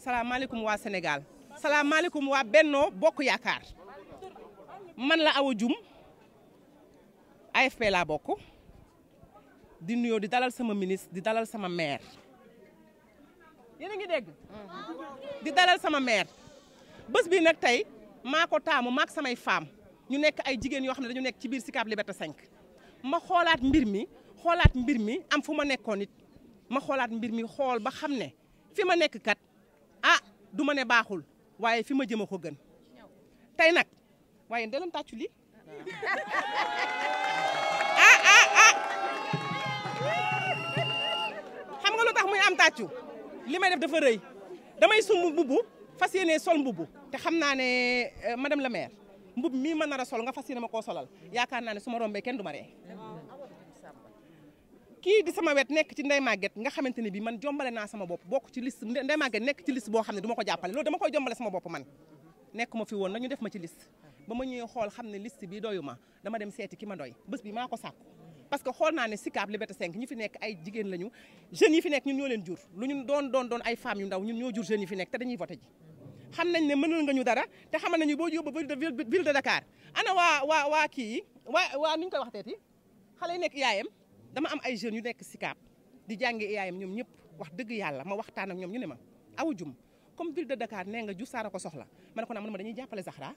salaamaaleykum waa Sénégal salaamaaleykum waa Bennoo Bokk Yaakaar man la Awa ay AFP laa bokk di nuyoo di dalal sama ministre di dalal sama maire yéen a ngi dégg di dalal sama maire bés bi nag tey maa taamu maak samay femme ñu nekk ay jigéen yoo xam ne dañu nekk ci biir Sicap Liberté 5 ma xoolaat mbir mi xoolaat mbir mi am fu ma nekkoon it ma xoolaat mbir mi xool ba xam ne fi ma nekk kat du man ne baaxul waaye fi ma jëm a ko gën tey nag waaye da leen tàccu lii ah, ah, ah xam nga lu tax muy am tàccu li may def dafa rëy damay sumb mbubu fas yéene sol mbubu te xam naa ne euh, madame la maire mbub mii ma nar a sol nga fas yéene ma koo solal yaakaar naa ne su ma rombee kenn du ma ree kii di sama wet nekk ci Ndeye Maguette nga xamante ne bii man jombale naa sama bopp bokk ci liste Ndeye Maguette nekk ci liste boo xam ne du ma ko jàppale loolu dama koy nekk ma fi woon nañu def ci liste ba xool xam ne liste bi doyu ma dama dem seeti ki ma doy bés bi maa ko sàkku parce que xool naa ne Sicap Liberté 5 ñi fi nekk ay jigéen lañu jeunes fi nekk ñun ñoo leen jur lu ñu doon doon doon ay femmes yu ndaw ñun ñoo jur jeunes yi fi nekk te dañuy voté ji xam nañ ne mënal nga ñu dara te xamal nañu boo yóbbu ba ville de Dakar ana waa waa waa kii yi waa waa nu ñu koy xale yi nekk IAM dama am ay jeunes yu nekk Sicap di jàngi IAM ñoom ñëpp wax dëgg yàlla ma waxtaan ak ñoom ñu ne ma awu jum comme ville de Dakar nee nga Diouf Sarr ko soxla ma ne ko naa man ma dañuy jàppale Zahra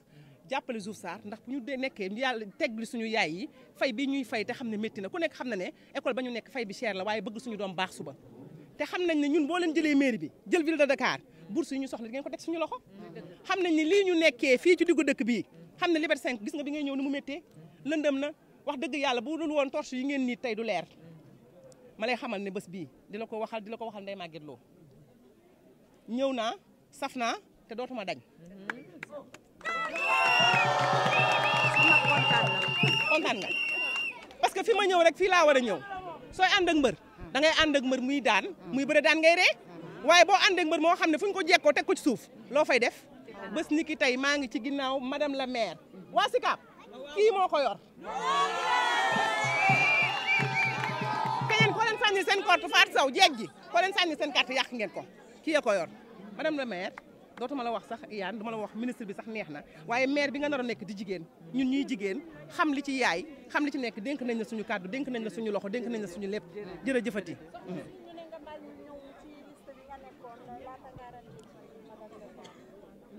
jàppale Diouf Sarr ndax bu ñu dee nekkee yàlla tegli suñu yaay yi fay bi ñuy fay te xam ne métti na ku nekk xam na ne école ba ñu nekk fay bi cher la waaye bëgg suñu doom baax suba te xam nañ ne ñun boo leen jëlee mairie jël ville de Dakar bourse ñu soxla di ngeen ko teg suñu loxo xam nañ ne lii ñu nekkee fii ci diggu dëkk bii xam ne Liberté 5 gis nga bi ngay ñëw ni mu méttee lëndëm na wax dëgg yàlla bu dul woon torche yi ngeen nii tey du leer ma lay xamal ne bés bii di la ko waxal di la ko waxal Ndeye Maguette Lo ñëw naa saf naa te dootuma dañ. kontaan nga parce que fi ma ñëw rek fii laa war a ñëw sooy ànd ak mbër da ngay ànd ak mbër muy daan muy bëre daan ngay ree waaye boo ànd ak mbër moo xam ne fu ñu ko jekkoo teg ko ci suuf loo fay def bës ni ki tey maa ngi ci ginnaaw madame la maire waa Sicap kii moo ko yor keneen ko leen sànni seen carte Fatou Sow jeeg ji ko leen sànni seen carte yàq ngeen ko kii a ko yor madame ma maire dootuma la wax sax yaan duma la wax ministre bi sax neex na waaye maire bi nga nar a nekk di jigéen ñun ñuy jigéen xam li ci yaay xam li ci nekk dénk nañ la suñu kàddu dénk nañ la suñu loxo dénk nañ la suñu lépp jërëjëfati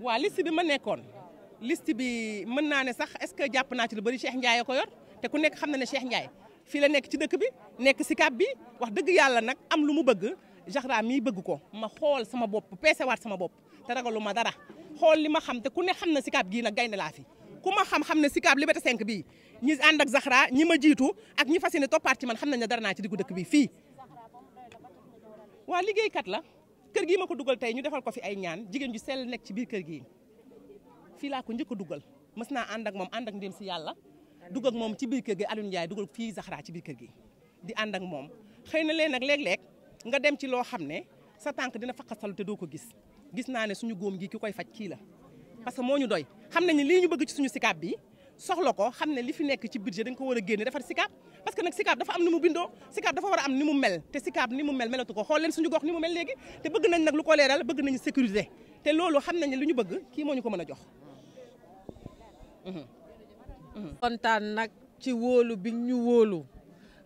waa liste bi ma nekkoon liste bi mën naa ne sax est-ce que jàpp naa ci lu bari Cheikh Ndiaye ko yor te ku nekk xam na ne Cheikh Ndiaye fii la nekk ci dëkk bi nekk si kàb bi wax dëgg yàlla nag am lu mu bëgg Zahra mi bëgg ko ma xool sama bopp peese waat sama bopp te ragalu ma dara xool li ma xam te ku ne xam na si kàb gii nag gaynde laa fi ku ma xam-xam ne si kàb Liberté 5 bi ñi ànd ak Zahra ñi ma jiitu ak ñi fas yéene toppaat ci man xam nañ ne dara naa ci diggu dëkk bi fii liggéeykat la kër gii ma ko dugal tey ñu defal ko fi ay ñaan jigéen ju sell nekk ci biir kër gii fii laa ko njëkk a dugal mës naa ànd moom ànd ak ndem si yàlla dugg moom ci biir kër gi Alioune Ndiaye dugal fii Zahra ci biir kër gi di ànd ak moom xay na leen nag léeg-léeg nga dem ci loo xam ne sa tànk dina faqasalu te doo ko gis gis naa ne suñu góom gi ki koy faj kii la moo ñu doy xam nañu lii ñu bëgg ci suñu sikaab bi soxla ko xam ne li fi nekk ci budget dañ ko war a génne defar sikaab parce a am ni mu mel te ko xool leen suñu gox ni mu mel léegi te bëgg nañ nag lu ko leeral bëgg nañu sécurité te loolu xam nañ li ñu bëgg kii moo ñu ko mën a jox kontaan nag ci wóolu bi ñu wóolu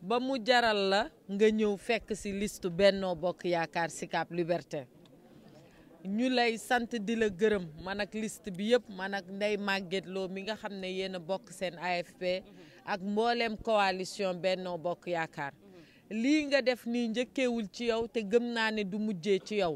ba mu jaral la nga ñëw fekk ci liste Benno Bokk Yaakaar Sicap Liberté ñu lay sant di la gërëm man ak liste bi yëpp man ak Ndeye Maguette Lo mi nga xam ne yéen bokk seen AFP ak mboolem coalition Benno Bokk Yaakaar lii nga def nii njëkkewul ci yow te gëm naa ne du mujjee ci yow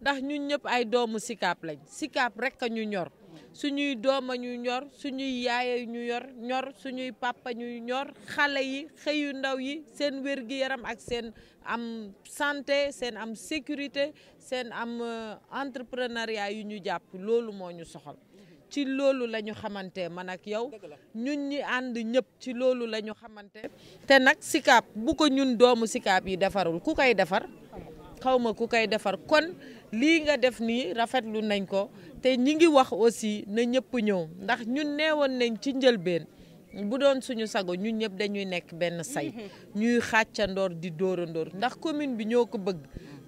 ndax ñu ñëpp ay doomu Sicap lañ Sicap rek a ñu ñor suñuy doom a ñu ñor suñuy yaay ñu yor ñor suñuy papa ñu ñor xale yi xëyu ndaw yi seen wér-gi-yaram ak seen am santé seen am sécurité seen am euh, entrepreneuriat yu ñu jàpp loolu moo ñu soxal ci loolu la ñu xamante man ak yow ñun ñi ànd ñëpp ci loolu la ñu xamante te nag Sicap bu ko ñun doomu Sicap yi defarul ku koy defar xaw ma ku koy defar kon lii nga def nii rafetlu nañ ko te ñi ngi wax aussi na ñëpp ñëw ndax ñun neewoon nañ ci njëlbeen bu doon suñu sago ñun ñëpp dañuy nekk benn say ñuy xàccandoor di dóorandoor ndax commune bi ñoo ko bëgg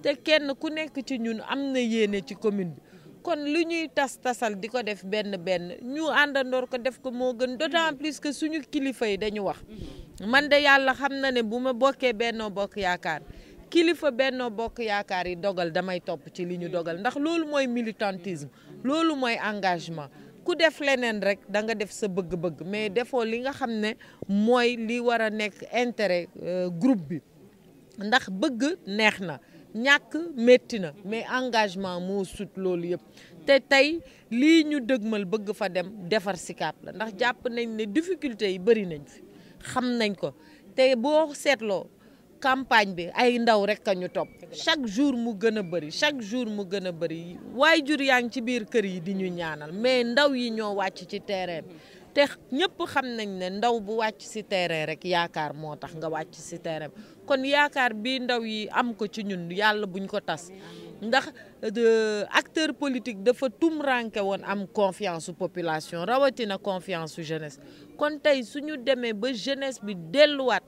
te kenn ku nekk ci ñun am na yéene ci commune bi kon li ñuy tas tasal di ko def benn benn ñu àndandoor ko def ko moo gën d'autant plus que suñu kilifa yi dañu wax mm-hmm. man de yàlla xam na ne bu ma bokkee Benno Bokk Yaakaar kilifa Benno Bokk Yaakaar yi dogal damay topp ci li ñu dogal ndax loolu mooy militantisme loolu mooy engagement ku def leneen rek da nga def sa bëgg-bëgg mais defoo li nga xam ne mooy li war a nekk intérêt euh, groupe bi ndax bëgg neex na ñàkk métti na mais engagement moo sut loolu yëpp te tey lii ñu dëgmal bëgg fa dem defar Sicap la ndax jàpp nañ ne difficulté yi bëri nañ fi xam nañ ko te boo seetloo campagne bi ay ndaw rek a ñu topp chaque jour mu gën a bëri chaque jour mu gën a bëri waaye jur yaa ngi ci biir kër yi di ñu ñaanal mais ndaw yi ñoo wàcc ci terrain bi te ñëpp xam nañ ne ndaw bu wàcc si terrain rek yaakaar moo tax nga wàcc si terrain bi kon yaakaar bi ndaw yi am ko ci ñun yàlla buñ ko tas ndax acteur politique dafa tumranke woon am confiance su population rawatina confiance su kon tey suñu demee ba jeunesse bi delluwaat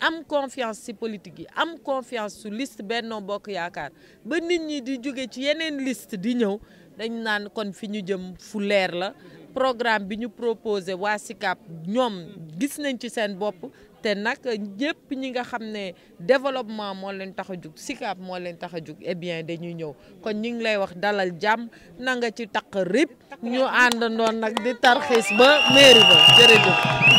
am confiance ci politique yi am confiance su liste Benno Bokk Yaakaar ba nit ñi di jóge ci yeneen liste di ñëw dañ naan kon fi ñu jëm fu leer la programme bi ñu proposé waa SICAP ñoom gis nañ ci seen bopp te nag ñëpp ñi nga xam ne développement moo leen tax a jug SICAP moo leen tax a jug eh bien dañuy ñëw kon ñu ngi lay wax dalal jàmm na nga ci taq rib ñu àndandoon nag di tarxiis ba mairie ba jërëjëf